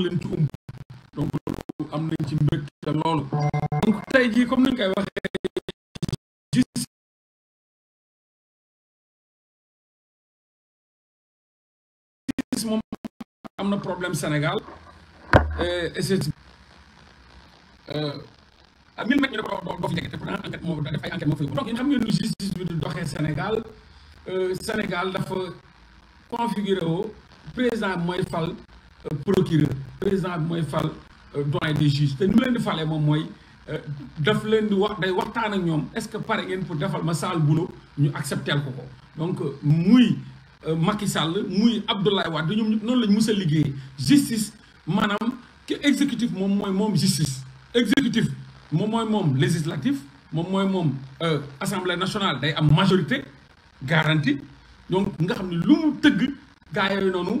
leen ci umb donc loolu am nañ ci mbégte loolu donc tey jii comme nañ koy waxee justice moom am na problème Sénégal euh, et c'est euh, ah mille mètres ñu dafa doo fi nekk te pourtant enquête moo xam ngeen justice bi doxee Sénégal euh, Sénégal dafa configuré woo mooy fal procureur président moi fal euh, des juges di euh, est-ce que paré pour ma boulot ñu donc euh, muy Macky Sall muy justice manam ki exécutif justice exécutif mom moy législatif assemblée nationale day am majorité garantie donc nous nous lu mu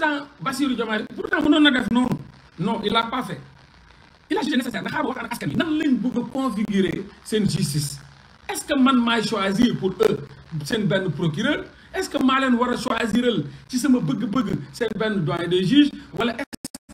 pourtant Bassirou Diomaye pourtant vous na def non. non il l'a pas fait il a jugé nécessaire nga xaar waxtaan ak askan nan lañ bëgg configurer seen justice est-ce que man maay choisir pour eux seen ben procureur est-ce que maa leen choisir a choisiral ci sama bëgg-bëgg seen benn doyen de juge wala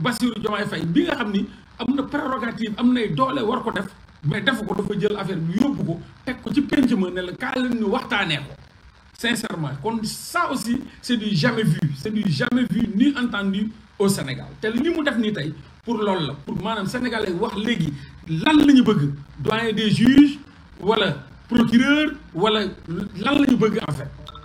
Bassirou Diomaye Faye bi nga xamni amna prérogative am nay doole war ko def mais def ko dafa jël affaire bi yobbu ko tek ko ci penc ma ne la kaa leen ñu waxtaanee ko sincèrement kon ça aussi c'est du jamais vu c'est du jamais vu ni entendu au Sénégal tel ni mu def ni tay pour loolu la pour manam sénégalais wax légui lan lañu bëgg doyen des juges wala procureur wala lan lañu bëgg en fait.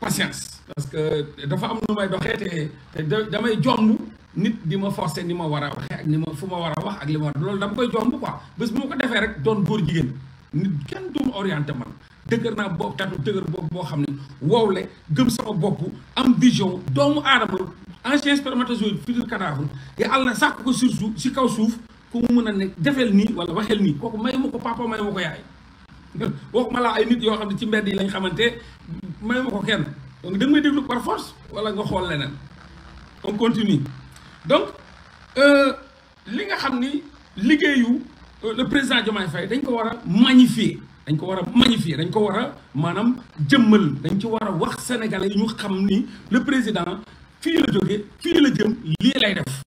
patience parce que dafa am nu may doxee te damay jomb nit di ma forcer ni ma war a waxee ak ni ma fu ma war a wax ak li loolu dama koy jomb quoi bés bu ma ko defee rek doon góor jigéen nit kenn du ma orienté man dëgër naa bopp tatu dëgër bopp boo xam ne wowle gëm sama bopp am vision doomu aadama ancien spermatozoïde futur cadavre na sàkk ko surtout si kaw suuf ku mu mën a ne defeel nii wala waxeel nii kooku may ma ko papa may ma ko yaay waxuma laa ay nit yo xamni ci mbedd yi lañ xamanté may ma ko kenn donc da nga may déglu par force wala nga xol leneen on continue donc euh li nga xamni ni liggéeyu euh, le président Diomaye Faye dañ ko wara magnifier dañ ko wara magnifier dañ ko wara manam maanaam jëmmal dañ ci wara wax sénégalais ñu xamni le président fi la joggé fi la jëm li lay def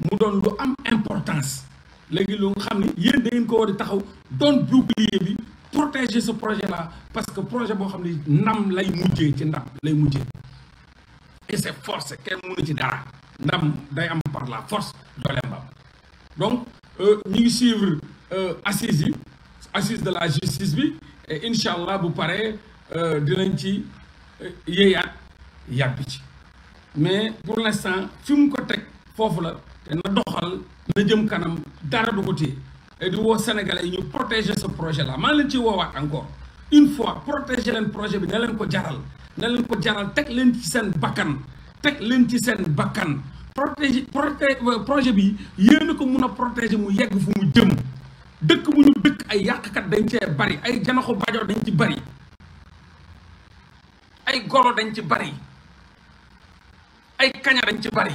mu don lu am importance Légui lu xamni yeen ni da ngeen ko war taxaw don bouclier bi protéger ce projet là parce que projet bo xamni ni ndam lay mujjé ci ndam lay mujjé et c'est force kenn mënu ci dara ndam day am par la force doole mbam donc euh, ñi ngi suivre euh, assises yi assises de la justice bi et inshallah bu paré euh dinañ ci euh, yéeyaat yàbbi ci mais pour l'instant fi ko tek fofu la na doxal na jëm kanam dara du ko téye ay di woo sénégalais yi ñu protéger sa projet là maa ngi leen ciy woowaat encore une fois protégé leen projet bi na leen ko jaral na leen ko jaral teg leen ci seen bakkan teg leen ci seen bakkan protéger euh, projet bi yéen ko mun a protéger mu yegg fu mu jëm dëkk bu ñu dëkk ay yàqkat dañ cee bari ay janaxu bajoor dañ ci bari ay golo dañ ci bari ay kaña dañ ci bari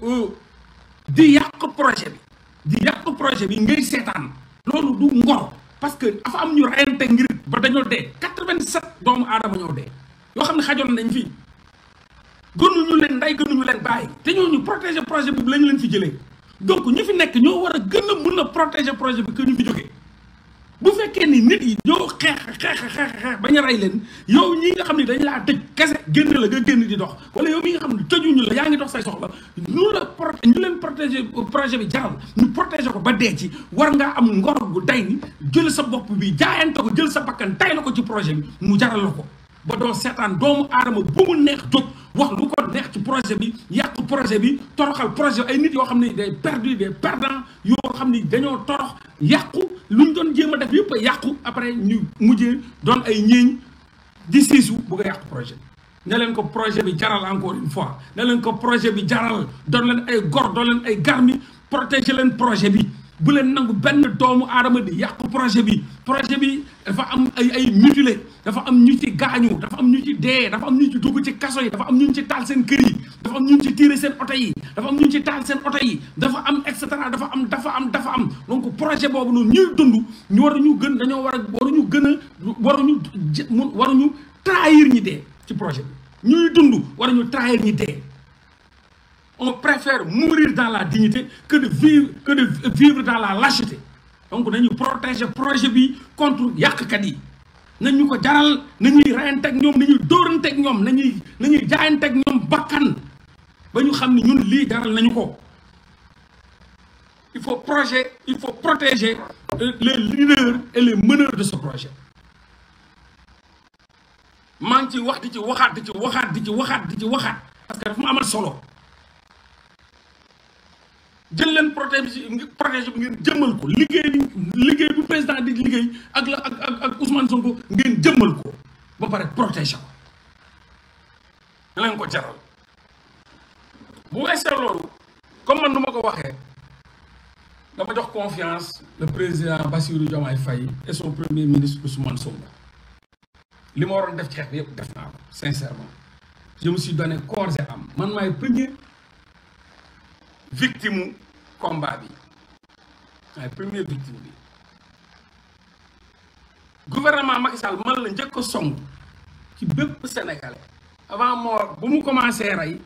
di yàq projet bi di yàq projet bi ngay seetaan loolu du ngor parce que dafa am ñu reyante ngir ba dañoo dee quatre-vingt-sept doomu aadama ñoo dee yoo xam ne xajoon nañ gënu gënuñu leen nday gënuñu leen bàyyi te ñu protéger projet bi lañu leen fi jëlee donc ñu fi nekk ñoo war a gën a mun a protéger projet bi que ñu fi jógee bu fekkee ni nit yi ñoo xeex xeex xeex xeex bañ a rey leen yow ñi nga xam ne dañ laa tëj kese génn la nga génn di dox wala yow mi nga xam ne tëjuñu la yaa ngi dox say soxla ñu la proté leen protéger projet bi jaral ñu protéger ko ba dee ci war ngaa am ngor gu day ni jël sa bopp bi jaayante ko jël sa bakkan tay la ko ci projet bi mu jaral la ko ba doo seetaan doomu aadama bu mu neex jóg wax lu ko ci projet bi yàq projet bi toroxal projet ay nit day perdu des perdants yoo xam ne torox yàqu lu doon des a def yëpp a est après ñu mujjee doon projet ne leen projet jaral encore une fois ne projet bi jaral doon leen ay garmi protéger leen projet bu leen nangu benn doomu aadama di yàq projet bi projet bi dafa am ay ay mutilé dafa am ñu ci gaañu dafa am ñu ci dee dafa am ñu ci dugg ci kaso yi dafa am ñu ci taal seen kër yi dafa am ñu ci tiire seen oto yi dafa am ci taal seen oto dafa am et cetera dafa am dafa am dafa am donc projet boobu noonu ñuy dund ñu waruñu gën dañoo war a waruñu gën a waruñu waruñu trahir ñi dee ci projet bi ñuy dund waruñu trahir ñi dee. on préfère mourir dans la dignité que de vivre que de vivre dans la lâcheté donc nañu protéger projet bi contre yàqkat yi nañu ko jaral nañuy reyanteeg ñoom nous dóoranteeg ñoom nañuy nañuy nous ñoom bakkan ba ñu ñun lii jaral nañu ko il faut projet il faut protéger euh, les leaders et les meneurs de ce projet maa ngi ci wax di ci waxaat ci waxaat ci waxaat ci waxaat parce que amal solo jël leen protéger protéger ngeen jëmmal ko liggéey liggéey bu président di liggéey ak la ak ak ak Ousmane Sonko ngeen jëmmal ko ba pare protéger ko da ko jaral bu weesee loolu comme man nu ma ko waxee dama jox confiance le président Bassirou Diomaye Faye et son premier ministre Ousmane Sonko li ma waroon def xeex bi yëpp def naa ko sincèrement je me suis corps et âme man maay premier. victime combat bi ay premier victime bi gouvernement Macky Sall man la ñëk a song ci bëpp sénégalais avant mort bu mu commencé ray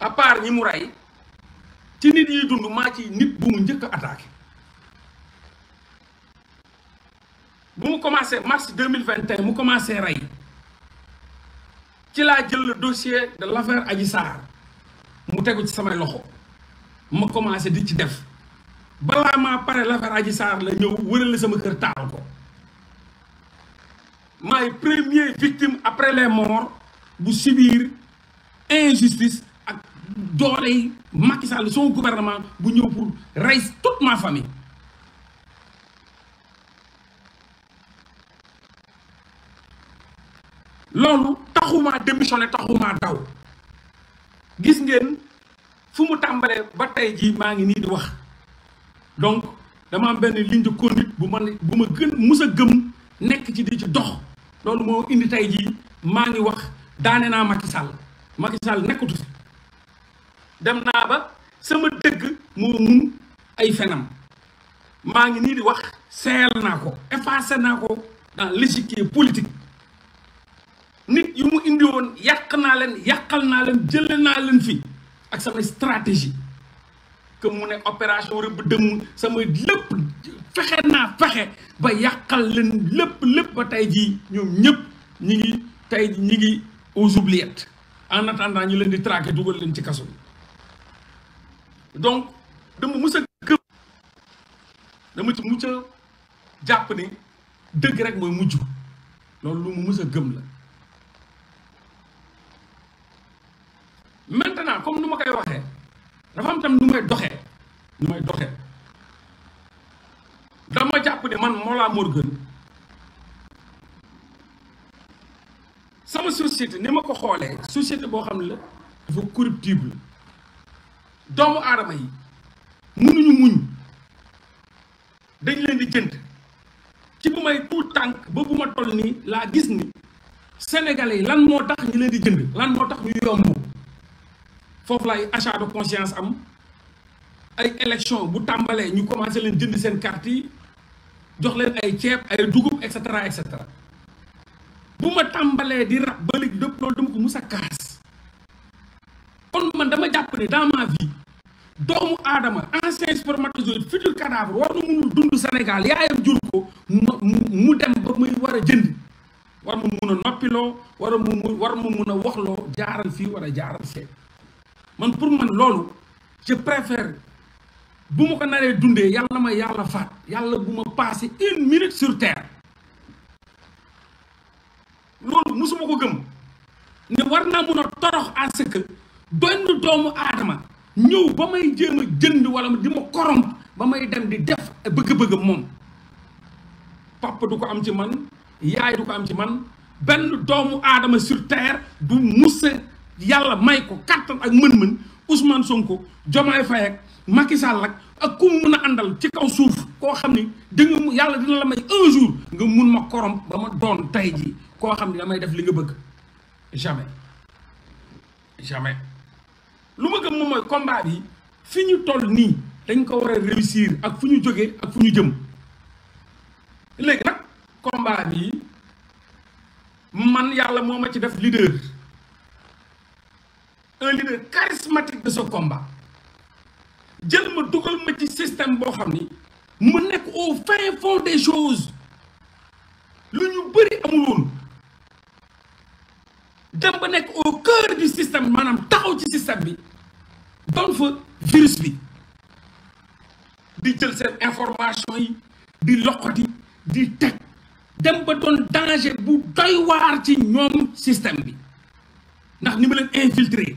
à part ñi mu ray ci nit yi dund ma ci nit bu mu ñëk attaquer bu mu commencé mars 2021 un mu commencé ray ci la jël le dossier de l'affaire affaire Adji Sarr mu tegu ci samay loxo ma commencé di ci def balaa maa pare l'affaire Adji la ñëw wërale sama kër taal ko maay premier victime après les morts bu subir injustice ak doole yi Macky Sall son gouvernement bu ñëw pour rey toute ma famille loolu taxumaa démissionné taxumaa daw gis ngeen fu mu tàmbalee ba tey jii maa ngi nii di wax donc dama am benn ligne de conduite bu ma ma gën mus a gëm nekk ci di ci dox loolu moo indi tey jii maa ngi wax daane naa Macky Sall Macky Sall nekkatu dem naa ba sama dëgg moo mun ay fenam maa ngi nii di wax seyal naa ko effacé naa ko dans l'échiquier politique nit yu mu indi woon yàq naa leen yàqal naa leen jële naa leen fii ak sama stratégie que mu ne opération rëbb dëmm sama lépp fexe naa fexe ba yàqal leen lépp lépp ba tey jii ñoom ñëpp ñi ngi tey ñi ngi aux oubliettes en attendant ñu leen di traquer dugal leen ci kaso donc dama mus a gëm dama ci mucc a jàpp ne dëgg rek mooy mujj loolu lu mu mus a gëm la maintenant comme nu ma koy waxee dafa am tam nu may doxee nu may doxee dama jàpp ne man Mollah Morgun sama société ni ma ko xoolee société boo xam ne la dafa corruptible doomu aadama yi mënuñu muñ dañ leen di jënd ci bu may tuut tànk ba bu ma toll nii laa gis ni sénégalais yi lan moo tax ñu leen di jënd lan moo tax ñu yomb Faut que achat de conscience am ay élection bu tambalé ñu commencé leen jënd sen carte yi jox leen ay ceeb ay dugub etc etc bu ma di rap ba léegi lépp ko a kaas man dama dans ma vie doomu adama ancien spermatozoïde futur cadavre war na mënu dund Sénégal yaayam jur ko mu dem ba muy war a jënd war ma des a noppiloo mu war a jaaral jaaral man pour man loolu je préfère bu ma ko naree dundee yàlla ma yàlla faat yàlla bu ma passé une minute sur terre loolu musuma ko gëm ne war naa mun a torox à ce benn doomu aadama ñëw ba may jéem a jënd wala di ma corrompre ba may dem di def bëgg-bëgg moom papa du ko am ci man yaay du ko am ci man benn doomu aadama sur terre du musa yàlla may ko kàttan ak mën-mën Ousmane Sonko Jomaay Faye ak Macky Sall ak ak ku mun a àndal ci kaw suuf koo xam ni danga yàlla dina la may un nga mun ma korom ba ma doon tey jii koo xam ni damay def li nga bëgg jamais jamais lu ma gëm moom mooy combat yi fi ñu toll nii dañ ko war a réussir ak fu ñu jógee ak fu ñu jëm léegi nag combat bi man yàlla moom ma ci def leader un leader charismatique de ce combat je suis système qui au fin fond des choses Nous ñu au cœur du système Madame, taxaw ci système bi le virus bi di information yi di loqati di Il danger pour doy système bi ni infiltrer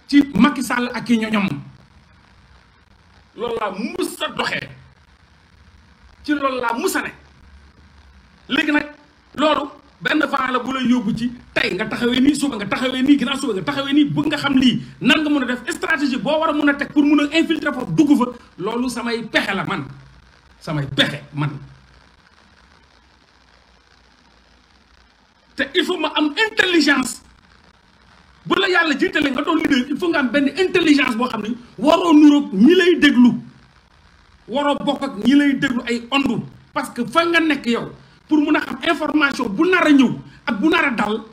ci Macky Sall ak i ñoñam loolu musa mus a ci loolu la musa né ne nak loolu benn fa la bu la yóbbu ci tay nga taxawé ni suba nga taxawé ni gina suba nga taxawé ni bu nga xam li nan nga mëna def stratégie bo wara mëna tek pour mëna infiltrer foofu dugg fa loolu samay pexé la man samay pexé man te il faut ma am intelligence la yàlla jiitale nga do leader il faut nga am ben intelligence bo xamni waro nuro ñi lay déglu waro bok ak ñi lay déglu ay ondu parce que fa nga nek yow pour mëna xam information bu nara ñew ak bu nara dal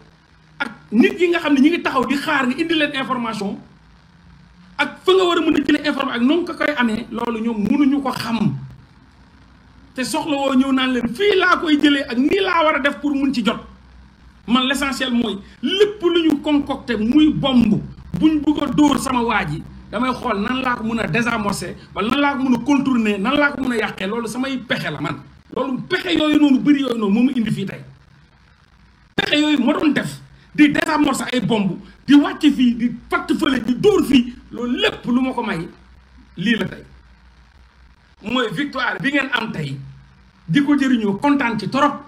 ak nit yi nga xamni ñi ngi taxaw di xaar nga indi leen information ak fa nga wara mëna jëlé information ak non ko koy lolu ñom mënu ñu ko xam té soxla wo ñew naan leen fi la koy jëlé ak ni la wara def pour mën ci jot man l' essentiel mooy lépp lu ñu concocté muy bomb buñ bugg a dóor sama waa ji damay xool nan laa ko mun a désamorcer wala nan laa ko mun a contourner nan laa ko mun a yàqee loolu samay pexe la man loolu pexe yooyu noonu bëri yooyu noonu moom indi fii tey pexe yooyu ma doon def di désamorcer ay bomb di wàcc fii di fatt fële di dóor fii loolu lépp lu ma ko may lii la tey mooy victoire bi ngeen am tey di ko jëriñoo kontaan ci trop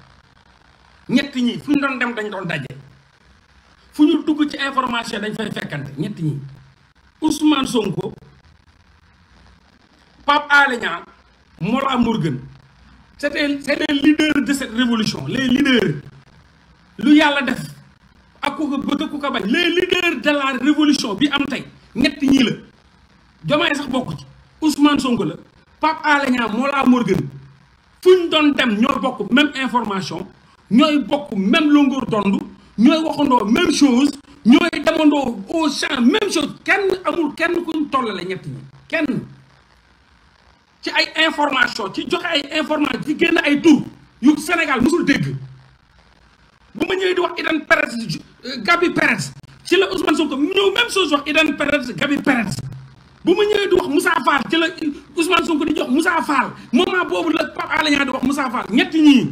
ñett ñi fu ñu doon dem dañ doon daje fu ñu dugg ci information dañ fay fekkante ñett ñi Ousmane Sonko Pape Alé Niang Mollah Morgun c'était c'est les leaders révolution les leaders lu yàlla def ak ku ko bëgg ku ko bañ les leaders am tey ñett ñii la Diomaye sax bokk ci Ousmane Sonko la Pape Alé Niang Mollah Morgun fu ñu doon dem ñoo bokk même information ñooy bokk même longueur d'onde ñooy waxandoo même chose ñooy demandoo au champ même chose kenn amul kenn kuñ tollale ñett ñi kenn ci ay information ci joxe ay information ci génn ay tur yu Sénégal mosul dégg bu ma ñëwee di wax Idan Perez Gabi Perez ci la Ousmane Sonko ñëw même chose wax bu ma ñëwee di wax Moussa ci la Ousmane Sonko di jox Moussa moom moment boobu la Pape Alé Niang di wax Moussa Fall ñett ñii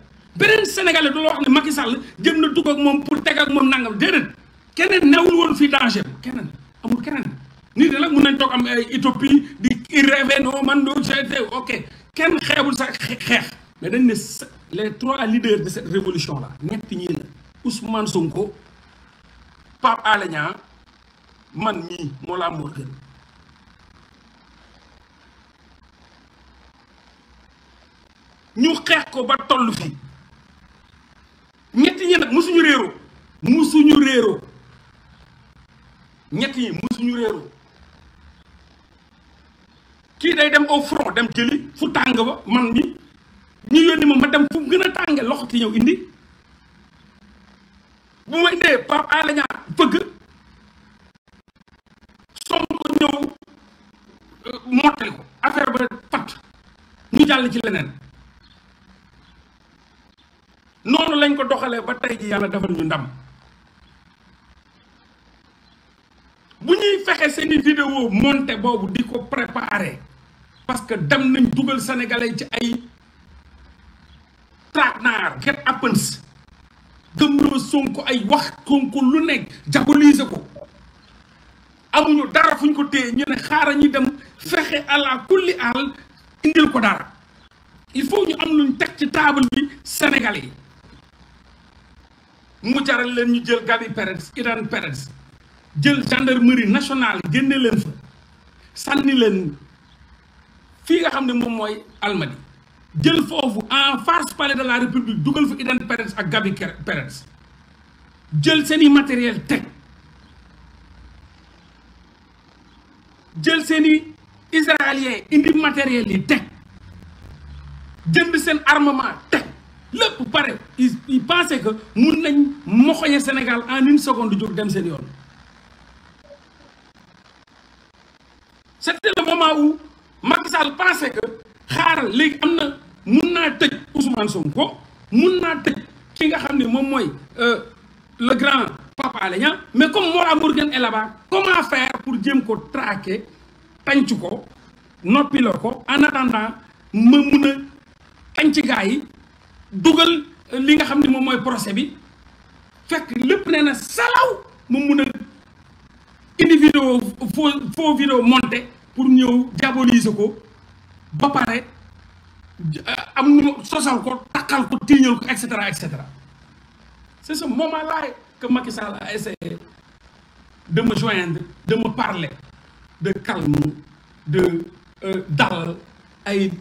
beneen sénégalais du la wax ne Macky Sall jëm na dugg ak moom pour teg ak moom nangam déedéet keneen newul woon fii danger keneen amul keneen nii de nag mun nañ toog am ay di rêver non man do ok kenn xeebul sa xeex mais dañ ne les trois leaders de cette révolution là ñett ñii la Ousmane Sonko Pape Alé man mii moo laa moo gën ñu xeex ko ba toll fii ñetti ñi nak musuñu réero musuñu réero ñetti ñi musuñu réero ki day dem au front dem jëli fu tang ba man mi ñu yoni ma dem fu gëna tangé loxo indi bu ma indee pap ala ñaar bëgg ñew mo euh, mottali ko affaire ba pat ñu jàll ci leneen nonu lañ ko doxale ba tay ji yalla defal ñu ndam bu ñuy fexé seen vidéo monté bobu di ko préparer parce que dam nañ duggal sénégalais ci ay get happens lo Sonko ay wax Sonko lu nekk diaboliser ko amuñu dara fuñ ko téye ñu né xaaral ñu dem fexé ala kulli al indil ko dara il faut ñu am luñ tek ci table bi sénégalais mu jaral leen ñu jël Gabi Perez Idan Perez jël gendarmerie nationale génne leen fa sànni leen fii nga xam ne moom mooy Almadi jël foofu en face palais de la république dugal fu Idan Perez ak Gabi Perez jël seeni matériel teg jël seeni israélien indi matériel yi teg jënd seen armement lépp pare il pensait que mun nañ moxoñe Sénégal en une seconde jóg dem seen c'était le moment où Macky Sall pensait que xaaral léegi am na mun Ousmane Sonko mun naa tëj ki nga xam euh, le grand Papa Alé mais comme Mollah Morgun est là-bas comment faire pour dire ko traquer tànc ko noppi la en attendant ma mun a dougal li nga xamni mom moy procès bi fekk lepp nee salaw mu mun a indi vidéo faux vidéo monté pour ñëw diaboliser ko ba paré euh, am nu sosal ko takkal ko tiiñal ko etc etc c'est ce moment là que Macky Sall a essayé de me joindre de me parler de calme de euh, dal ay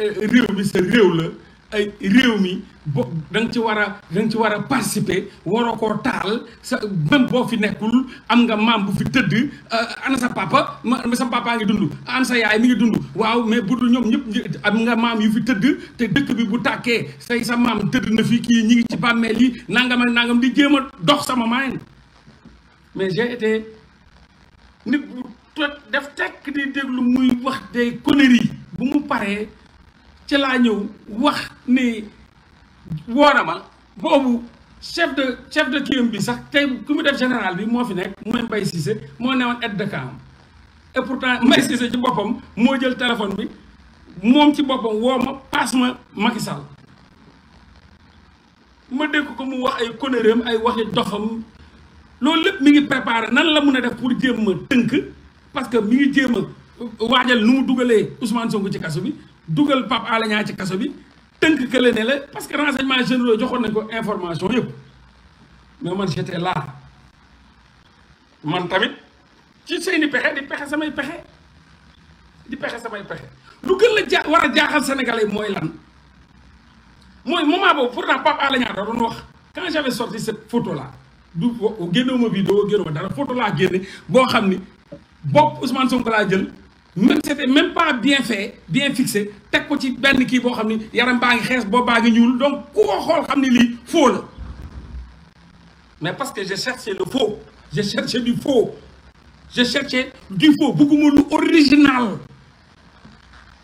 euh, réew bi c'est réew la ay réew mi bo da nga ci wara a da nga ci wara participer waro ko tal sa même bo fi nekul am nga mam bu fi teud eh, ana sa papa ma sa papa ngi dundu ana sa yaay mi ngi dundu waw mais budul ñom ñep am nga mam yu fi teud te dekk bi bu tàkkee say sa mam teud na fi ki ñi ngi ci bammel yi nangam ak nangam di jema dox sama main, mais j'ai été nit def tek di deglu muy wax des conneries bu mu paré ci laa ñëw wax ni woona ma boobu chef de chef de kiyam bi sax tey ku mu def général bi moo fi nekk mooy Mbaye Cissé moo newoon aide de camp et pourtant Mbaye Cissé ci boppam moo jël téléphone bi moom ci boppam woo ma paas ma ma dégg ko mu wax ay conneries ay waxi doxam loolu lépp mi ngi préparé nan la mun a def pour jéem a tënk parce que mi ngi jéem a waajal nu mu dugalee Ousmane Sonko ci kaso bi dougal pap Alé Niang ci kaso bi tënk kële ne la parce que renseignement généraux joxoon nañ ko information yeb mais man j'étais là man tamit ci seeni pexé di pexé samay pexé di pexé samay pexé lu gën la wara war jaaxal sénégalais moy lan moy moment boobu pourtant pap Alé Niang da doon wax quand j'avais sorti cette photo là du génnoo ma vidéo génnoo dara photo la génne bo xamni ni Ousmane Sonko la jël même c'était même pas bien fait bien fixé tek ko ci ben ki bo xamni yaram baangi ngi bo boo baa ñuul donc ku ko xol xamni li faux mais parce que j'ai cherché le faux j'ai cherché du faux je cherche du faux beaucoup lu original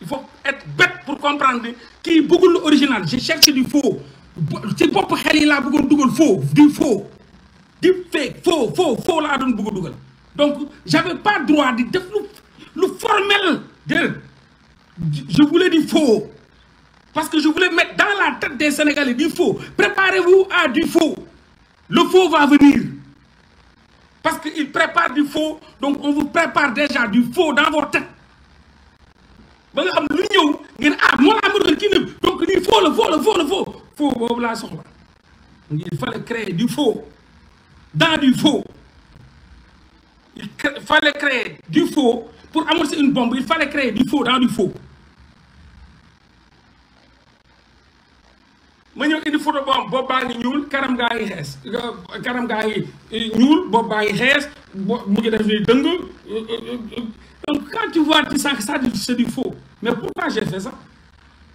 il faut être bête pour comprendre qui beaucoup lu original je cherche du faux ci pas xel yi laa bëggoon dugal faux du faux du fake faux faux faux la doon bëgg a donc j'avais pas droit de def lu le formel je voulais du faux parce que je voulais mettre dans la tête des Sénégalais du faux préparez-vous à du faux le faux va venir parce qu'il prépare du faux donc on vous prépare déjà du faux dans vos têtes ah, donc du faux le faux le faux le faux faux il fallait créer du faux dans du faux il fallait créer du faux pour amorcer une bombe, il fallait créer du faux dans du faux. ma ñëw indi photo bu am bopp baa ngi ñuul nul, gaa ngi xees kanam gaa eh, ñuul bopp baa mu def ni dëng eh, eh, donc quand tu vois tu sens que ça c'est du faux mais pourquoi j'ai fait ça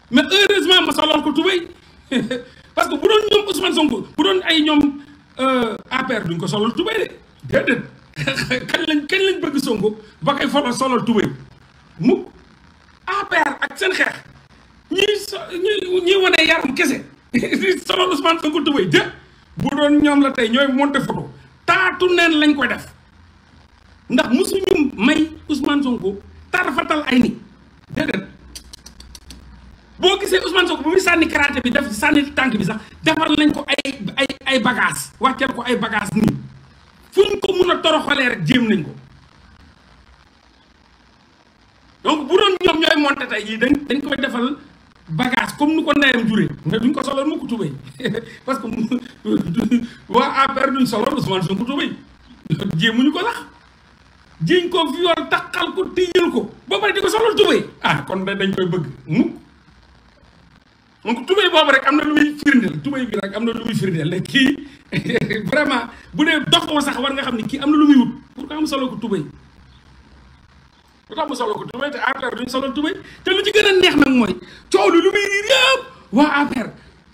mais heureusement ma soloon ko tubéy parce que bu doon ñoom Ousmane Sonko bu doon ay ñoom euh, APR duñ ko solol tubéy de déedéet kañ lañ kañ lañ bëgg Sonko ba koy folal solal tubéy mukk APR ak seen xeex ñuy so ñuy ñuy yaram kese solo Ousmane Sonko tubéy de bu doon ñoom la tey ñooy monté photo taatu neen lañ koy def ndax mosuñu may Ousmane Sonko tarfatal ay nit déedéet boo gisee Ousmane Sonko bu muy sànni karaté bi def sànni tànk bi sax defal lañ ko ay ay bagaas bagage ko ay bagaas nii fu ñu ko mun a toroxalee rek jéem nañ ko donc bu doon ñoom ñooy monté tey jii dañ dañ koy defal bagage comme nu ko ndeyam juree mais duñ ko soloon mu ko parce que waa APR duñ soloon Ousmane Sonko tubéy jéemuñu ko sax jiñ ko viol takkal ko tijjal ko ba pare di ko soloon tubéy ah kon dañ koy bëgg mukk donc tubéy boobu rek am na lu muy firndeel bi rek am na lu muy firndeel ne kii vraiment bu dee doxoo sax war nga xam ne kii am na lu muy wut pourquoi mu solo ko tubéy lu solo ko tubéy te APR solo tubéy te lu ci gën a mooy coow lu lu muy riir yëpp waa APR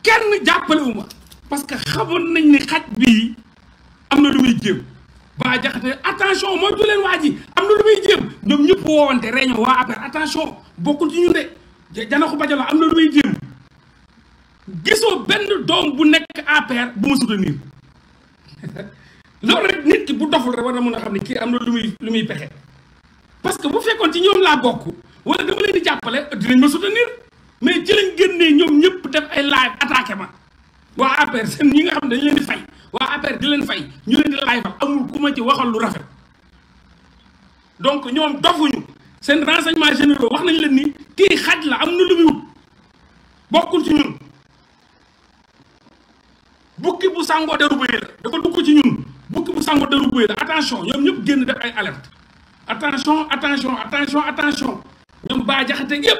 kenn jàppale wu ma parce que xamoon nañ ni xaj bi am na lu muy jéem ba jaxate attention moytu leen waa ji am na lu muy jéem ñoom ñëpp woowante réunion waa APR attention bokkul ci ñun de janaxu bajalo am na lu muy jéem gisoo benn doom bu nekk APR bu ma soutenir loolu rek bu doful rek war na mën a xam ne kii am na lu muy lu muy pexe parce que bu fekkoon ci ñoom laa bokk wala dama leen di jàppale dinañ ma soutenir mais ci lañ génnee ñoom ñëpp def ay live attaqué ma waa APR seen ñi nga xam ne dañ leen di fay waa APR di leen fay ñu leen di live amul ku ma ci waxal lu rafet donc ñoom dofuñu seen renseignement généraux wax nañ leen ni kii xaj la am na lu muy wut bukki bu sango rubuy la da ko dugg ci ñun bukki bu sango rubuy la attention ñom ñep genn def ay alerte attention attention attention attention ñom ba jaxate ñep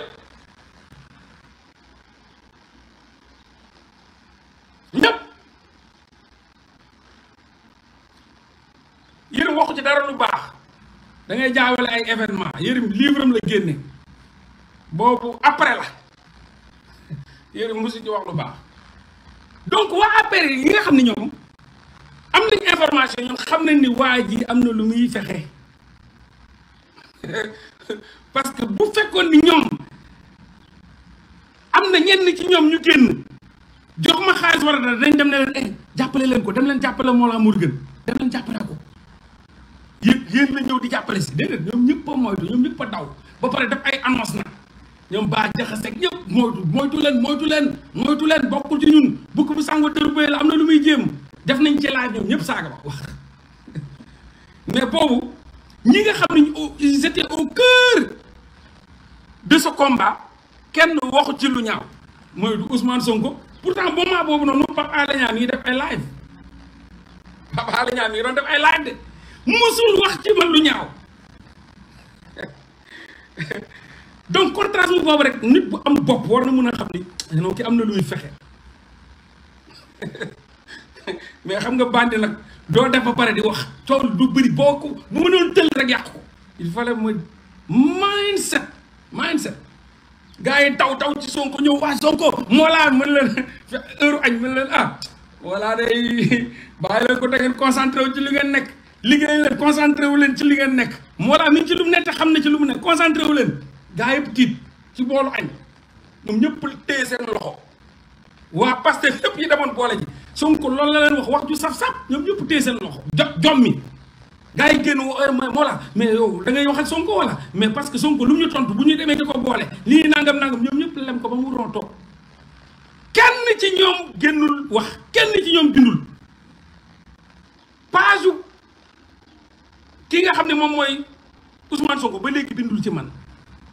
ñep yërëm waxu ci dara lu baax da ngay jaawale ay événement yërëm livre la genné bobu après la yërëm musu ci wax lu baax donc waa APR yi nga xam ne ñoom am nañ information ñoom xam nañ ni waa ji am na lu muy fexe parce que bu fekkoon ni ñoom am na ñenn ci ñoom ñu génn jox ma xaalis war a dara dañ dem na leen eh jàppale leen ko dem leen jàppale Mollah Morgun dem leen jàppale ko yéen yéen ñëw di jàppale si déedéet ñoom ñëpp a moytu ñoom ñëpp a daw ba pare def ay annonce nag ñoom baa jaxaseeg ñëpp moytu moytu leen moytu leen moytu leen bokkul ci ñun bukk bu sàngo tërubay la am na lu muy jéem def nañ ci live ñoom ñëpp saaga ba wax mais boobu ñi nga xam ne ils étaient de ce kenn waxu ci lu mooy du Ousmane Sonko pourtant moment boobu noonu Pape Alé Niang mi ngi def ay live Pape Alé Niang doon def ay live de musul wax ci man lu ñaaw donc contrasme boobu rek nit bu am bopp war na mën a xam ni non ki am na luy fexe mais xam nga bandi nag doo def ba pare di wax coow du bëri boo ko bu ma doon rek yàqu ko il fallait ma mindset mindset gars yi taw taw ci Sonko ñëw waa Sonko moo laa mën leen heure añ mën leen ah voilà de bàyyi leen ko da ngeen concentré wu ci li ngeen nekk liggéey leen concentré wu leen ci li ngeen nekk moo laa mi ci lu mu nekk xam na ci lu mu nekk concentré wu leen gaa yëpp tiit ci boolu añ ñoom ñëpp téye seen loxo waa Pastef yëpp yi demoon boole ji Sonko loolu la leen wax wax ju saf-saf ñoom ñëpp téye seen loxo jo jom mi gaa yi génn moo la mais yow ngay wax Sonko wala mais parce que Sonko lu mu bu ñu demee di ko boole lii nangam nangam ñoom ñëpp lem ko ba mu waroon toog kenn ci ñoom génnul wax kenn ci ñoom bindul page ki nga xam ne moom mooy Ousmane Sonko ba léegi bindul ci man.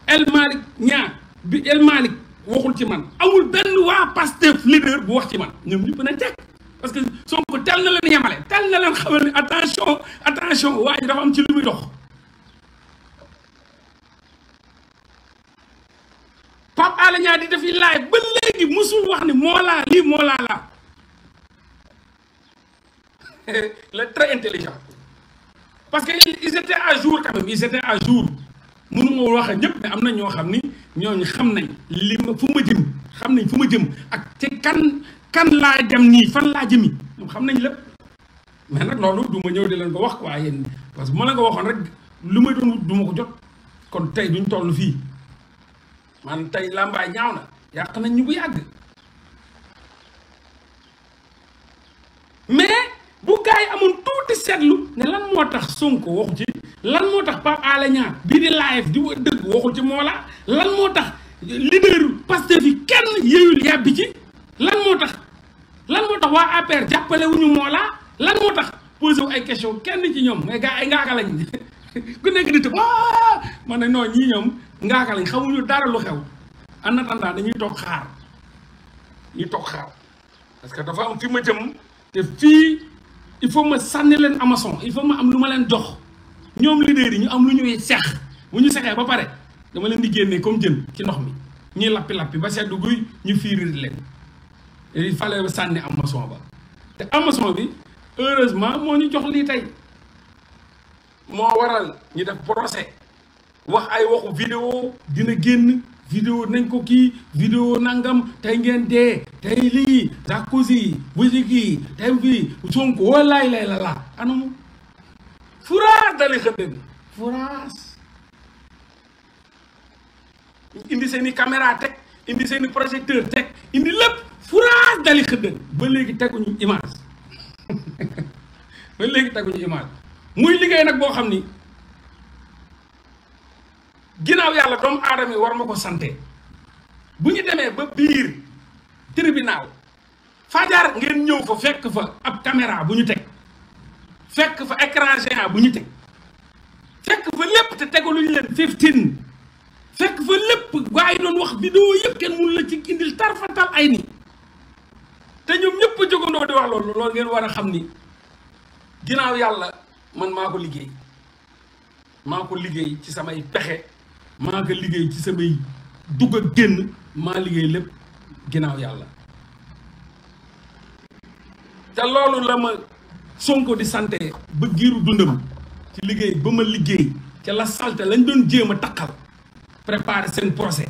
El Malik ñaa bi El Malik, waxul ci man amul benn waa Pastef leader bu wax ci man ñoom ñëpp nañ teg parce que Sonko tel na a mal. tel na leen xamal ni attention attention waa ji dafa am ci lu muy dox Pape Alé Niang di def y ba des musul wax ni moo laa lii moo là. »» Il le très intelligent parce que ils étaient à jour quand même ils étaient à jour mënu ma wax ak ñëpp am na ñoo xam ni ñooñu xam nañ li ma fu ma jëm xam nañ fu ma jëm ak te kan kan laa dem nii fan laa jëmi ñoom xam nañ lépp mais nag loolu du ñëw de leen ko wax quoi yéen parce que ma la ko waxoon rek lu may doon wut du ma ko jot kon tey duñ toll fii man tey làmbaay ñaaw na yàq nañ ñu bu yàgg mais bu gars yi amoon tuuti seetlu ne lan moo tax ko waxu ci lan motax pap ala ñaan bi di live di deug waxul ci mola lan motax leader pasteur fi kenn yeyul yabbi ci lan motax lan motax wa aper jappale wuñu mola lan motax poser ay question kenn ci ñom mais gaay ay ngaaka lañ ku nekk di tuba ah! mané no ñi ñom ngaaka lañ xamuñu dara lu xew en attendant dañuy tok xaar ñi tok xaar parce que dafa am fi ma jëm te fi il faut ma sanni len amazon il faut ma am luma len jox ñoom leader yi ñu am lu ñuy sex bu ñu sexee ba pare dama leen di génne comme jën ci ndox mi ñuy lappi lappi ba seddu guy ñu fiirir leen il ba sànni amason ba te amason bi heureusement moo ñu jox lii tey moo waral ñu def procès wax ay waxu vidéo dina génn vidéo nañ ko kii vidéo nangam tey ngeen dee tey lii Sarkozy Bouziki tey fii Sonko walaay lay la laa anamu furaas dali xëddeen furaas indi seen i caméra teg indi seen i projecteur teg indi lépp furaas dali xëddeen ba léegi teguñu image ba léegi teguñu image muy liggéey nag boo xam ni ginnaaw yàlla doomu aadama war ma ko sante bu ñu demee ba biir tribunal fajar ngeen ñëw fa fekk fa ab caméra bu ñu teg fekk fa écran géant bu ñu teg fekk fa lépp te tegaluñu leen fifteen fekk fa lépp gaa yi doon wax vidéo yëpp kenn mënu la ci indil tarfatal ay ni te ñoom ñëpp a jógandoo di wax loolu ngeen war a xam ni ginnaaw yàlla man maa ko liggéey maa ko liggéey ci samay pexe maa ko liggéey ci samay dugg ak maa liggéey lépp ginnaaw yàlla loolu la ma Sonko di sante ba giiru dundam ci liggéey ba ma liggéey ca la salte lañ doon jéem a taqal préparer seen procès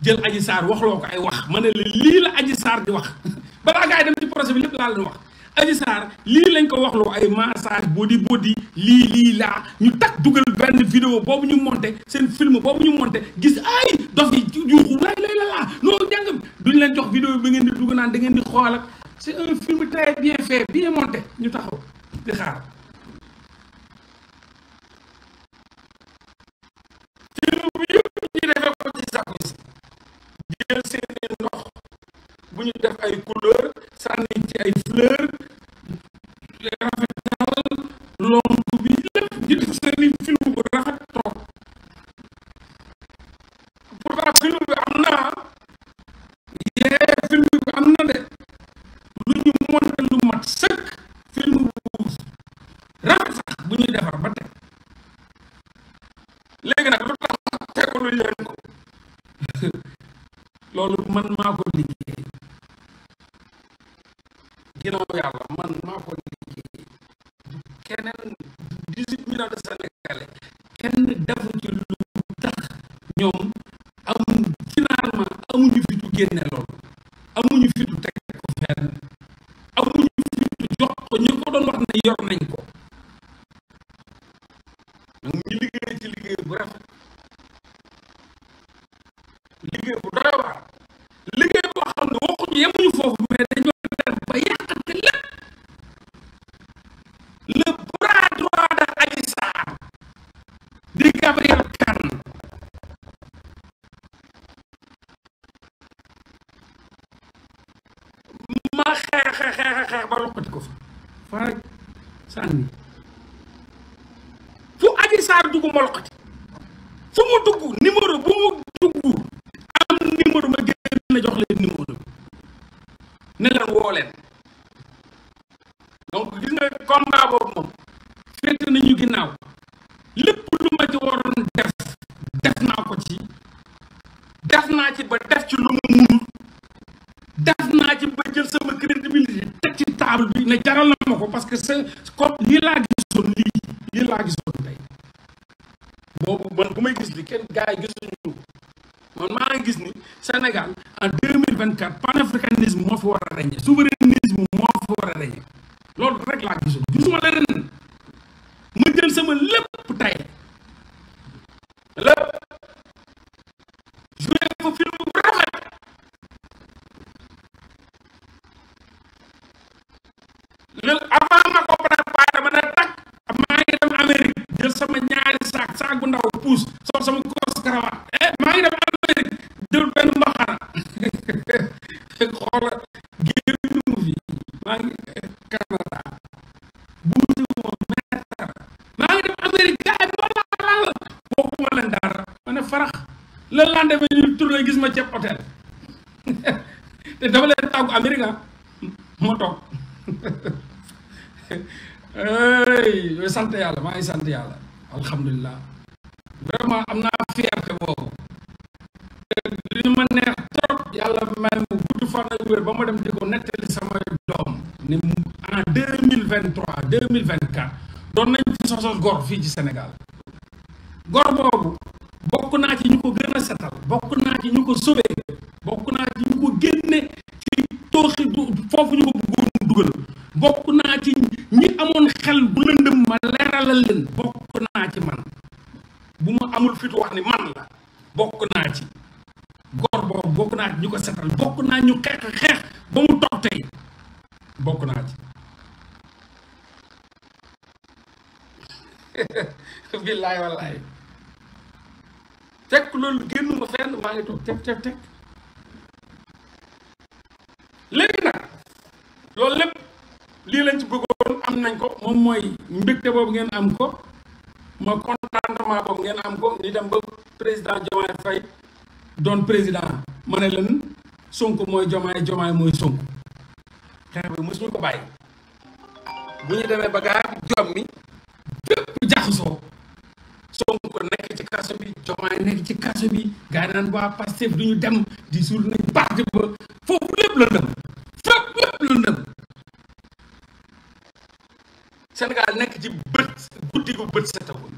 jël Adji saar waxloo ko ay wax ma ne la lii la Adji Sarr di wax balaa gaa yi dem ci procès bi lépp laa leen wax Adji Sarr lii lañ ko waxloo ay massage body body lii lii laa ñu takk dugal benn vidéo boobu ñu monté seen film boobu ñu monté gis ay dof yi juuxu lay lay la laa noo jàng duñ leen jox vidéo bi ngeen di dugg naan da ngeen di xool ak c'est un film très bien fait bien monté ñu taxaw di ci lu yëpp ñu defee ko ci sàkku si jël seeni ndox bu def ay couleur sànni ci ay fleur rafetal lonku bi lépp ñu def seeni film tiene el oro. loolu rek laa gisul sant yàlla maa ngi sant yàlla alhamdulilah vraiment am naa fierté boobu li ma neex trop yàlla may mu gudd fan ak wér ba ma dem di ko nettali doom ni en deux mille vingt trois deux mille vingt quatre doon nañ fi sosos gor fii ci Sénégal bu ma amul fitu wax man la bokk naa ci góor boobu bokk naa ci ñu ko setal bokk naa ñu xeex xeex ba mu toog tey bokk naa ci billaay wallaay tekk loolu génnuma fenn maa ngi toog teg teg teg nag loolu lépp lii lañ ci bëggoon am nañ ko moom mooy mbégte boobu ngeen am ko ma comportement boobu ngeen am ko di dem ba président Diomaye Faye doon président ma ne leen mooy Diomaye Diomaye mooy Sonko xeex bi mosuñu ko bàyyi bu ñu demee ba gaar jom mi fépp jaxasoo Sonko nekk ci kaso bi Diomaye nekk ci kaso bi gars yi naan waa Pastef du ñu dem di suul nañ parti ba foofu lépp lëndëm fépp lépp lëndëm Sénégal nekk ci bët guddi gu bët setagul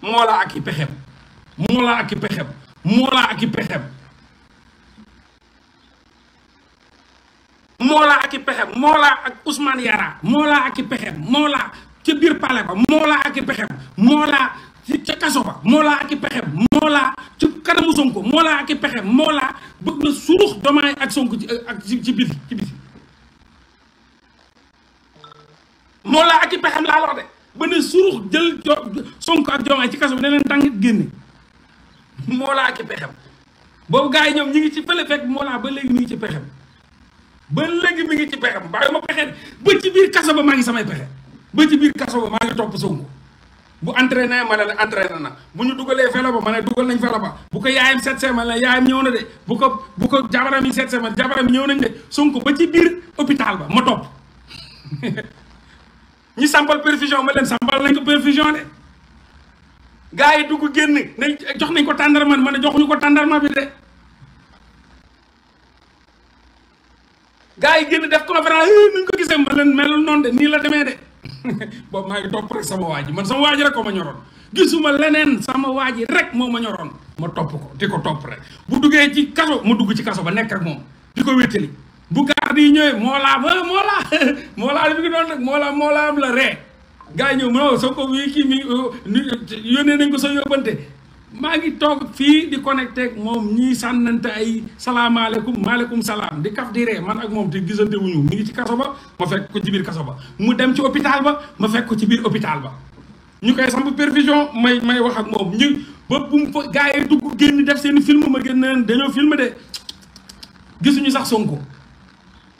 moolaa ak i pexem moolaa ak i pexem moolaa ak i pexem ak i pexem moolaa ak ak i pexem moolaa ca biir palais ba moolaa ak i pexem moolaa ca kaso ba moolaa ak i pexem moolaa ci kanamu Sonko moolaa ak i pexem moolaa bëgg na surux Diomaye ak Sonko ak ci biir ci biir ak i pexem laa wax de ba ne surux jël jo Sonko ak Diomaye ci kaso bi ne leen tàngit génne Mollah ak i pexem boobu gars yi ñoom ñi ngi ci fële fekk Mollah ba léegi mi ngi ci pexem ba léegi mi ngi ci pexem bàyyi ma pexe ba ci biir kaso ba maa ngi samay pexe ba ci biir kaso ba maa ngi topp Sonko bu entraîné ma ne la entraîné na bu ñu dugalee felo ba ma ne dugal nañ felo ba bu ko yaayam seet see ma ne yaayam ñëw na de bu ko bu ko jabaram yi seet see ma jabaram yi ñëw nañ de Sonko ba ci biir hôpital ba ma topp ñi sampal perfusion ma leen sampal nañ ko perfusion de gars yi dugg génn ne jox nañ ko tandarma ma ne ñu ko tandarma bi de gars yi génn def conférence eh, ñu ko gisee ma leen mel non de ni la démé de bo ma ngi top rek sama waji man sama waji rek ko ma ñoroon gisuma lenen sama waji rek mo ma ñoroon ma top ko di top rek bu duggé ci kaso ma dugg ci kaso ba nek rek mom di ko bu kaar yi ñëwee moo laa ba ah, moo laa moo laa li mu ngi doon rek moo laa moo laa am la ree gars yi ñëw non soo ko wii kii mi oh, yónnee nañ ko sa yóbbante maa ngi toog fii di connecté ak moom ñii sànnante ay salaamaaleykum maaleykum salaam di kaf di ree man ak moom te gisante wuñu mi ngi ci kaso ba ma fekk ko ci biir kaso ba mu dem ci hôpital ba ma fekk ko ci biir hôpital ba ñu koy samp perfusion may may wax ak moom ñu ba bu mu fa gars yi dugg génn def seen film ma gën na dañoo film de gisuñu sax Sonko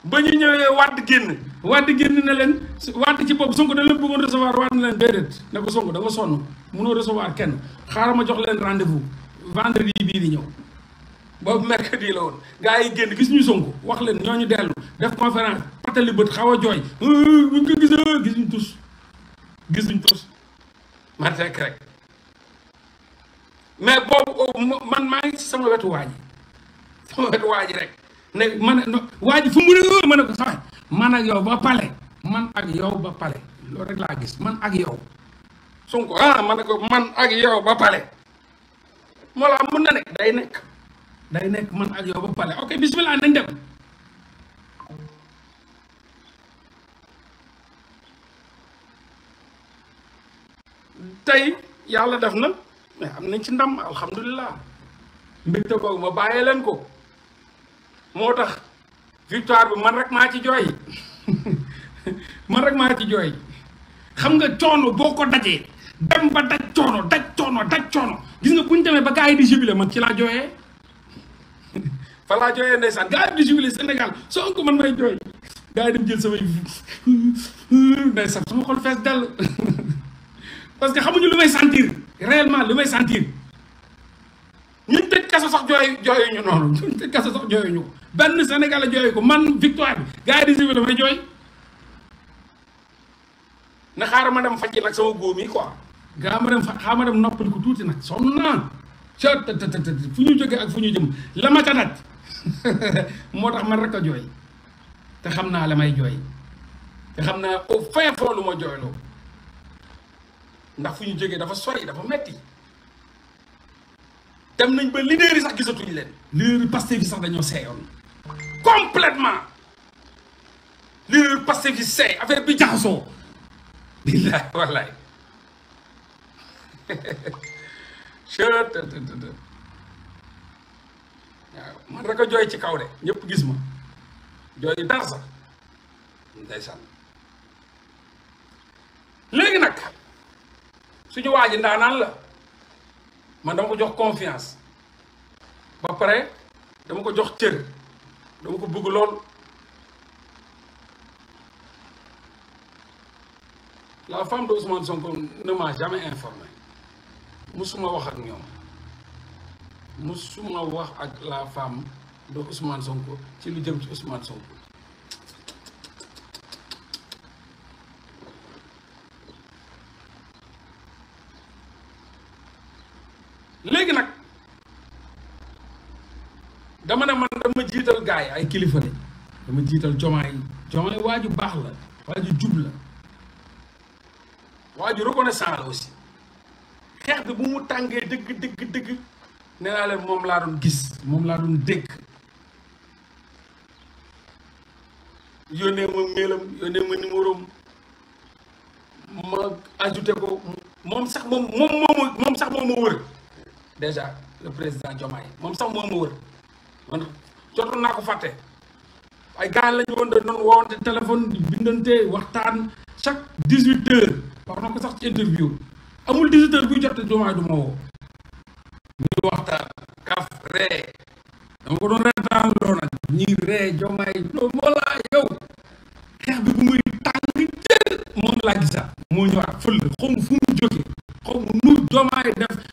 ba ñu ñëwee wàdd génn wàdd génn na leen wàdd ci bopp sunk da leen bëggoon recevoir wàdd na leen déedéet ne ko Sonko da nga sonn mënoo recevoir kenn xaaral ma jox leen rendez-vous vendredi bii di ñëw boobu mercredi la woon gars yi génn gis ñu sunk wax leen ñoo ñu dellu def conférence patali bët xaw a jooy buñ ko gisee gisuñ tus ñu tus man rek rek mais boobu oh, man maa ngi sama wetu waa ji sama wetu waa ji rek ne man waa ji fu mu ne ma ne ko sax man ak yow ba pale man ak yow ba pale loolu rek laa gis man ak yow Sonko ah ko man ak yow ba pale moo laa mun na nekk day nekk man ak yow ba pale ok bismillah nañ dem tey yàlla def na mais am nañ ci ndam alhamdulilah mbégte ba ma bàyyee leen ko moo tax victoire bi man rek maa ci jooy man rek maa ci jooy xam nga coono boo ko dajee dem ba daj coono daj coono daj coono gis nga bu ñu demee ba gaa yi di jubilé man ci laa jooyee fa laa jooyee ndeysaan gars yi di jubilé Sénégal Sonko man may jooy gars yi dem jël samay ndeysaan sama xol fees dell parce que xamuñu lu may sentir réellement lu may sentir. ñun tëj kaso sax ñu noonu ñun tëj kaso sax jooyu ñu ko benn ko man victoire bi gars yi di subi ma dem faj nag sama góom yi quoi gaa ma dem fa xaaral ma dem noppali ko tuuti nag sonn ñu jógee ak fu ñu jëm la ma ca nag moo tax man rek a jooy te xam naa la may jooy te xam naa au fin fond lu ma ndax fu ñu jógee dafa sori dafa metti dem nañ ba leader yi sax gisatuñ leen leader yi Pastef yi sax dañoo seeyoon complètement leader yi Pastef yi seey affaire bi jaxasoo billaay wallaay waaw a jooy ci kaw de ñëpp gis ma jooy léegi nag suñu waa ji ndaanaan la man dama ko jox confiance ba pare dama ko jox cër dama ko bëgg lool la femme de Ousmane Sonko ne m'a jamais informé musuma wax ak ñoom musuma wax ak la femme de Ousmane Sonko ci lu jëm ci Ousmane Sonko dama ne man dama jiital gaa yi ay kilifa lañ dama jiital jomaay jomaay waa ju baax la waa ju jub la waa ju la aussi xeex bi bu mu tàngee dëgg dëgg dëgg nee moom laa doon gis moom laa doon dégg yónnee ma mailam yónnee ma numéro ma ajouté ko moom sax moom moom moom sax moom ma wër déjà le président Diomaye moom sax moom ma wër man jotoon naa ko fàtte ay gars la ñu woon da doon woowante téléphone bindante waxtaan chaque dix huit heures wax na ko sax ci interview amul dix huit heures buy jot du ma woo ñu waxtaan kaf ree dama ko doon reetaan loo nag ñuy ree Diomaye loo moo laa yow xeex bi bu muy tàng jël moom laa gisaat moo ñëwaat fël xaw fu mu jógee xaw nu Diomaye def